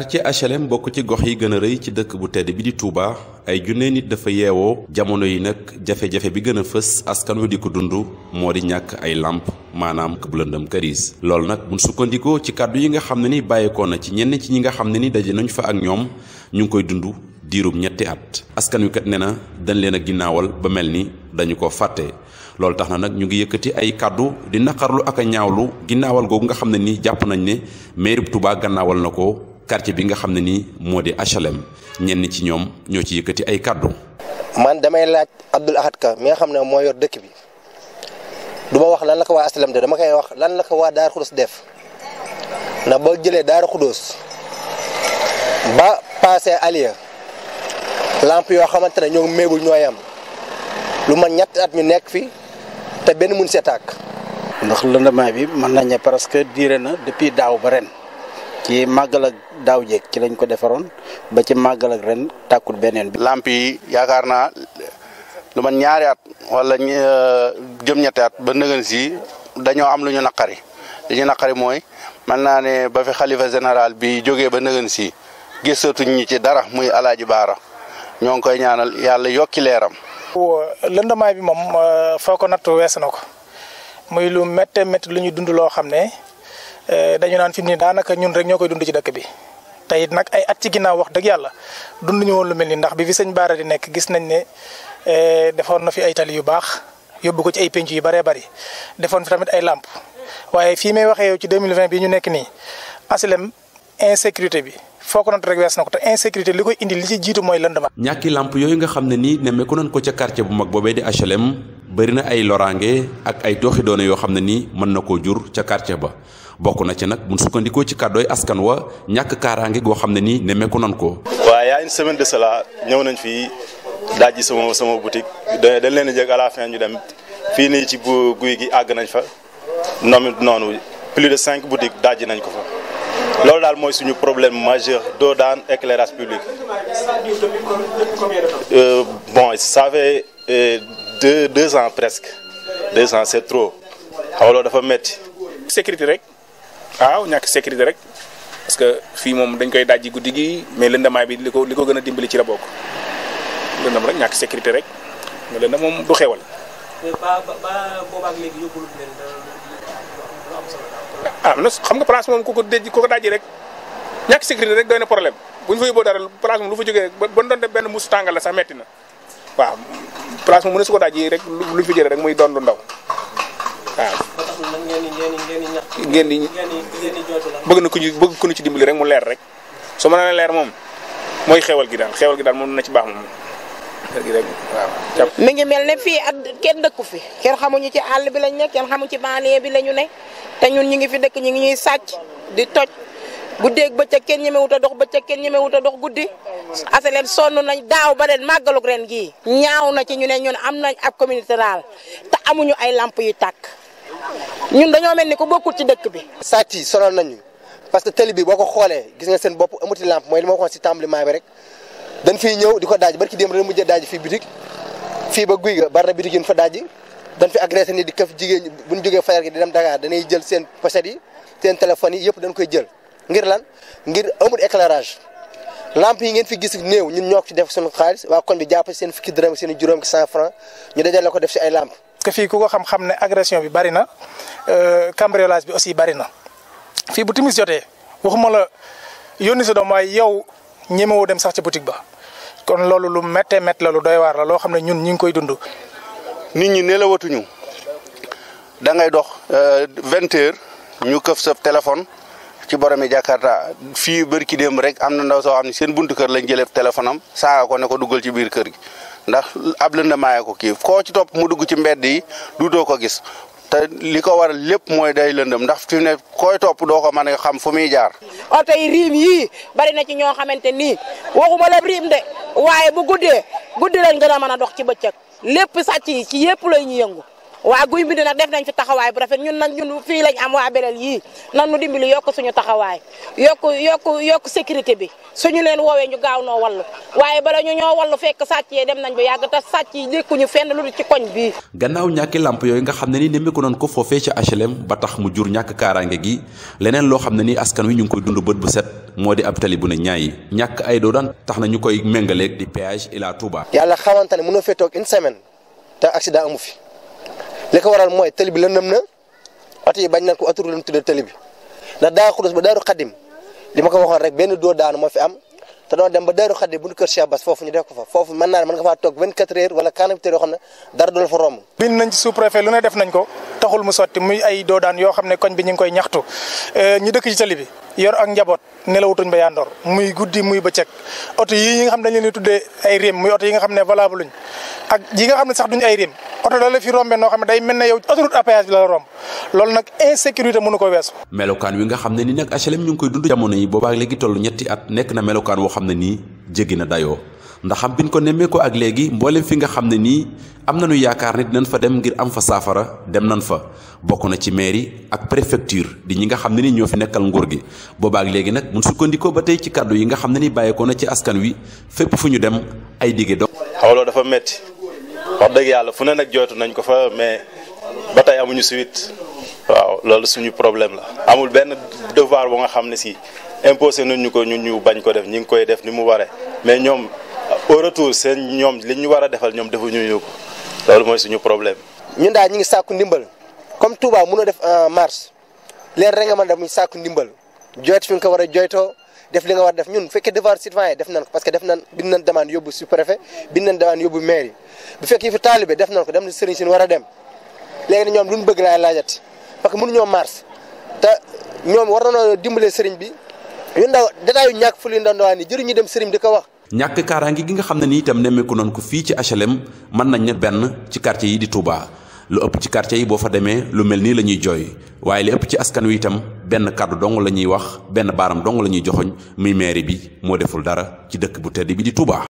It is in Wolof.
ci HLM bokk ci gox yi gën a rëy ci dëkk bu tedd bi di Touba ay junne nit dafa yeewoo jamono yi nag jafe-jafe bi gën a fës askan wi di ko dund moo di ñàkk ay làmp maanaam këb lëndëm këriis loolu nag mu sukkandikoo ci kàddu yi nga xam ne ni bàyyeekoo na ci ñenn ci ñi nga xam ne ni daje nañu fa ak ñoom ñu ngi koy dund diirub ñetti at askan wi kat ne na dañ leen a ginnaawal ba mel ni dañu ko fàtte loolu tax na nag ñu ngi yëkkati ay kàddu di naqarlu ak a ñaawlu ginnaawal googu nga xam ne ni jàpp nañ ne mairie bu gannaawal na ko quartier bi nga xam ne ni moo di HLM ñenn ci ñoom ñoo ci yëkkati ay kàddu. man damay laaj Abdoul Ahad Ka mi nga xam ne moo yor dëkk bi du ma wax lan la ko waa HLM de dama koy wax lan la ko waa Darou Khoudoss def na boo jëlee Darou Khoudoss ba passé Aliya lamp yoo xamante ne ñoo méegul ñooy am lu man ñett at ñu nekk fi te benn mun see tàkk. ndax lëndamaay bi mën nañu presque diire na depuis daaw ba ren. ci màggal daaw jéeg ci lañ ko defaroon ba ci màggal ren tàkkul beneen bi. làmp yi yaakaar naa lu man ñaari at wala euh, jëm ñetti at ba nëgën si dañoo am lu ñu naqari li ñu mooy mën naa ne ba fi xalifa général bi jógee ba nëgën si gisatuñ ñu ci dara muy alaaji baara ñoo ngi koy ñaanal yàlla yokki leeram. lëndamaay bi moom euh, foo ko natt weesu na ko muy lu méttee métti lu ñu dund loo xam ne. Eh, dañu naan fi mu daanaka ñun rek ñoo koy dund ci dëkk bi. tey nag ay at ci ginnaaw wax dëgg yàlla dund ñu woon lu mel ni ndax bi fi sëñ Baara di nekk gis nañ ne eh, defoon na fi ay tali yu baax yóbbu ko ci ay penc yu bëree bëri defoon fi tamit ay làmp waaye fii may waxee yow ci 2020 bii ñu nekk nii asilem insécurité bi. foo ko nat rek wees na ko te insécurité li koy indi li ci jiitu mooy lëndama. ñàkki làmp yooyu nga xam ne nii nemmeeku nañ ko ca quartier bu mag boobee di HLM na ay loraange ak ay tooxi doone yoo xam ne nii mën na koo jur ca quartier ba bokk na ci nag mun sukkandikoo ci kàddooy askan wa ñàkk kaaraange goo xam ne nii nemmeeku nan ko. waaw yaa une semaine de cela ñëw nañ fii dajji sama sama boutique dañ leen a fin ñu dem fii nii ci bu guy gi àgg nañ fa noonu noonu plus de cinq boutiques dajji nañ ko fa. loolu daal mooy suñu problème majeur doo daan éclairage public euh, bon ça fait euh, deux ans presque deux ans c'est trop xawloo dafa metti sécurité rek waaw ñàkk sécurité rek parce que fii moom dañ koy dajji guddi gi mais lëndamaay bi li ko li ko gën a dimbali ci la bokk lëndam rek ñàkk sécurité rek nga lëndam moom du xewal. mais ba ba boobaag ah non xam nga place moom ku ko daj ku ko dajji rek ñàkk sécurité rek doy problème bu ñu fa yóbboo dara place moom lu fa jógee ba ba doon benn musu tàngal la sax metti waaw place moom mu ne su ko dajji rek lu ñu fa jëlee rek muy doon lu ndaw ngeen ngeen bëgg na ku ñu bëgg ku ñu ci dimbali rek mu leer rek su ma nee leer moom mooy xewal gi daal xewal gi daal moom na ci baax moom mi ngi mel ne fii at kenn dëkku fi kenn xamuñu ci àll bi lañ ne kenn xamuñu ci banlieue bi ñu ne te ñun ñu ngi fi dëkk ñu ngi ñuy sàcc di toj guddeeg bëccëg kenn ñemewut a dox bëccëg kenn ñemewut a dox guddi asaleen sonn nañ daaw ba leen màggalug ren gii ñaaw na ci ñu ne ñun am nañ ab communauté rurale te amuñu ay lamp yu tàkk ñun dañoo mel ni ko bokkul ci dëkk bi. sàcc yi sonal nañu parce que tëli bi boo ko xoolee gis nga seen bopp amuti làmp mooy li ma ko si tàmbalimaay bi rek dañ fiy ñëw di ko daaj barki démb rek mujjee daaj fii bitik fii ba guy ga bari na bitik yu daaj dañ fi agressé ni di këf jigéen ñi bu ñu jógee fajar gi di dem Dakar dañuy jël seen pochette yi seen téléphones yëpp dañ koy jël ngir lan ngir amul éclairage lampe yi ngeen fi gis néew ñun ñoo ko ci def suñu xaalis waa koñ bi jàpp seen fukki dërëm seen juróom ki cent franc ñu ko def si ay lampe te fii ku ko xam-xam ne agression bi bari na euh, cambriolage bi aussi bari na fii bu timis jotee waxuma la yónni sa doom waaye yow ñemewu dem sax ci boutique ba kon loolu lu mette mett la lu doy waar la loo xam ne ñun ñu ngi koy dund. nit ñi nelawatuñu dangay dox euh, vingt heures ñu këf sa téléphone ci boromi Jakarta fii bërki dem rek am na ndaw soo xam ne seen buntu kër lañ jëlee téléphone am saaga ko ne ko duggal ci biir kër gi. ndax ab lëndamaay ko kii koo ci topp mu dugg ci mbedd yi du doo ko gis te li ko waral lépp mooy day lëndëm ndax fi ne koy topp doo ko mën a xam fu muy jaar. oto yi riim yii bari na ci ñoo xamante ni waxuma la riim de waaye bu guddee guddi lañ gën a mën a dox ci bëccëg lépp sàcc yi ci yépp lay ñu yëngu. waa guy mbind nag def nañ fi taxawaay bu rafet ñun nag ñun fii lañ am waa Belel yii nan nu dimbali yokk suñu taxawaay yokk yokk yokk sécurité bi suñu leen woowee ñu gaaw noo wallu waaye bala ñu ñoo wallu fekk sàcc yee dem nañ ba yàgg te sàcc yi dékkuñu fenn lu dul ci koñ bii gannaaw ñàkki lamp yooyu nga xam ne ni nemmeeku noonu ko foofee ci HLM ba tax mu jur ñàkk kaaraange gi leneen loo xam ne ni askan wi ñu ngi koy dund bët bu set moo di ab tali bu ne ñaayi ñàkk ay tax na ñu koy méngaleeg di péage Ila Touba yàlla xamante ne mënoo fee toog une semaine te accident amu fi li ko waral mooy tëli bi lëndëm na oto bañ nañ ko autoroute lañ tuddee tëli bi ndax daa xudus ba daaru xadim li ma ko waxoon rek benn doo daanu moo fi am te doon dem ba daaru xadim bu ñu kër Cheikh Bass foofu ñu def ko fa foofu mën naa ne mën nga faa toog 24 heures wala 48 heures yoo xam dara du fa romb. bind nañ ci sous lu ne def nañ ko taxul mu sotti muy ay doo daan yoo xam ne koñ bi ñu ngi koy ñaxtu ñu dëkk ci tëli bi yor ak njaboot nelawutuñ ba yandoor muy guddi muy ba bëccëg oto yi yi nga xam dañ leen di tuddee ay réem muy oto yi nga xam ne valable luñ ak yi nga xam ne sax duñ ay réem oto la la fi rombee noo xam ne day mel na yow autoroute à péage bi la la romb loolu nag insécurité mënu ko weesu melokaan wi nga xam ne ni nag HLM ñu ngi koy dund jamono yi boobaak léegi toll ñetti at nekk na melokaan woo xam ne nii jéggi na dayoo ndax xam biñ ko nemmeekoo ak léegi mboolem fi nga xam ne nii am na nañu yaakaar ne dinañ fa dem ngir am fa saafara dem nañ fa bokk na ci mairie ak préfecture di ñi nga xam ne ni ñoo fi nekkal nguur gi boobaak léegi nag mun sukkandikoo ba tey ci kàddu yi nga xam ne ni bàyyeekoo na ci askan wi fépp fu ñu dem ay digge do xawloo dafa metti wax dëgg yàlla fu ne nag jooytu nañ ko fa mais ba tey amuñu suite waaw loolu suñu problème la amul benn devoir bu nga xam ne si imposé nañ ñu ko ñu ñu bañ ko def ñi ngi koy def ni mu waree au retour seen ñoom li ñu war a defal ñoom defuñu ñu ko loolu mooy suñu problème. ñun daal ñu ngi sàkku ndimbal comme Touba mënoo def en euh, mars leer rek nga mën def ndimbal jooytu fi nga ko war a jooytoo def li nga war def ñun bu fekkee devoir citoyen yi def nañ ko parce que def nañ bind nañ demande yóbbu sous préfet bind dem na sëriñ a dem léegi nag ñoom lu ñu bëgg laay laajati parce que bi yu ndaw détail yu ñàkk fu lu wax ñàkk kaaraange gi nga xam ne ni itam nemmeeku noonu ko fii ci HLM mën nañ ne benn ci quartier yi di Touba lu ëpp ci quartier yi boo fa demee lu mel nii la ñuy jooy waaye li ëpp ci askan wi itam benn kàddu dong la ñuy wax benn baaram dong la ñuy joxoñ muy mairie bi moo deful dara ci dëkk bu tedd bi di Touba.